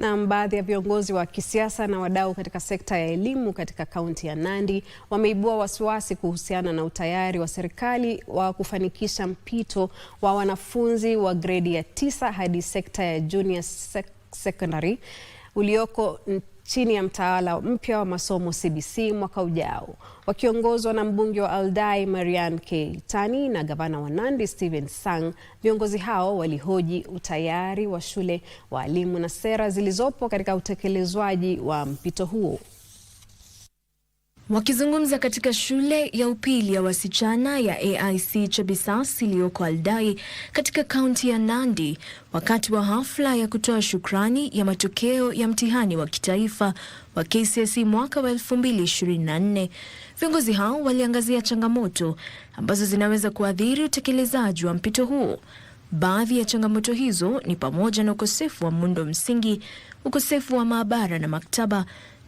Na baadhi ya viongozi wa kisiasa na wadau katika sekta ya elimu katika kaunti ya Nandi wameibua wasiwasi kuhusiana na utayari wa serikali wa kufanikisha mpito wa wanafunzi wa gredi ya tisa hadi sekta ya junior sec secondary ulioko chini ya mtaala mpya wa masomo CBC mwaka ujao, wakiongozwa na mbunge wa Aldai Marian keitani na gavana wa Nandi Stephen Sang. Viongozi hao walihoji utayari wa shule, walimu na sera zilizopo katika utekelezwaji wa mpito huo. Wakizungumza katika shule ya upili ya wasichana ya AIC chabisas iliyoko Aldai katika kaunti ya Nandi wakati wa hafla ya kutoa shukrani ya matokeo ya mtihani wa kitaifa wa KCSE mwaka wa 2024, viongozi hao waliangazia changamoto ambazo zinaweza kuathiri utekelezaji wa mpito huo. Baadhi ya changamoto hizo ni pamoja na ukosefu wa muundo msingi, ukosefu wa maabara na maktaba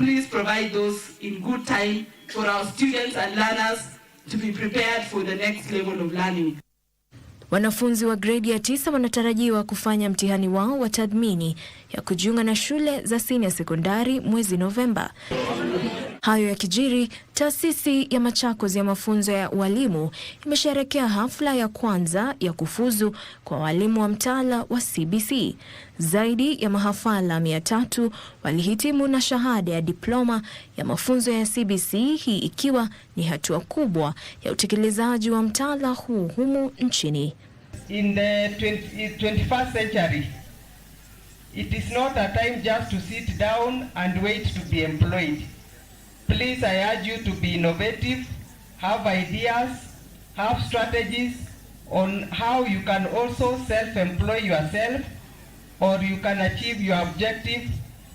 Please provide those in good time for our students and learners to be prepared for the next level of learning. Wanafunzi wa gredi ya tisa wanatarajiwa kufanya mtihani wao wa tathmini ya kujiunga na shule za senior sekondari mwezi Novemba. Hayo ya kijiri taasisi ya Machakos ya mafunzo ya walimu imesherekea hafla ya kwanza ya kufuzu kwa walimu wa mtaala wa CBC. Zaidi ya mahafala mia tatu walihitimu na shahada ya diploma ya mafunzo ya CBC, hii ikiwa ni hatua kubwa ya utekelezaji wa mtaala huu humu nchini in the 20, 21st eh, century, it is not a time just to sit down and wait to be employed. Please, I urge you to be innovative, have ideas, have strategies on how you can also self-employ yourself or you can achieve your objective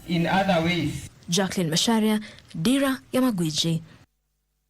in other ways. Jacqueline Masharia, Dira ya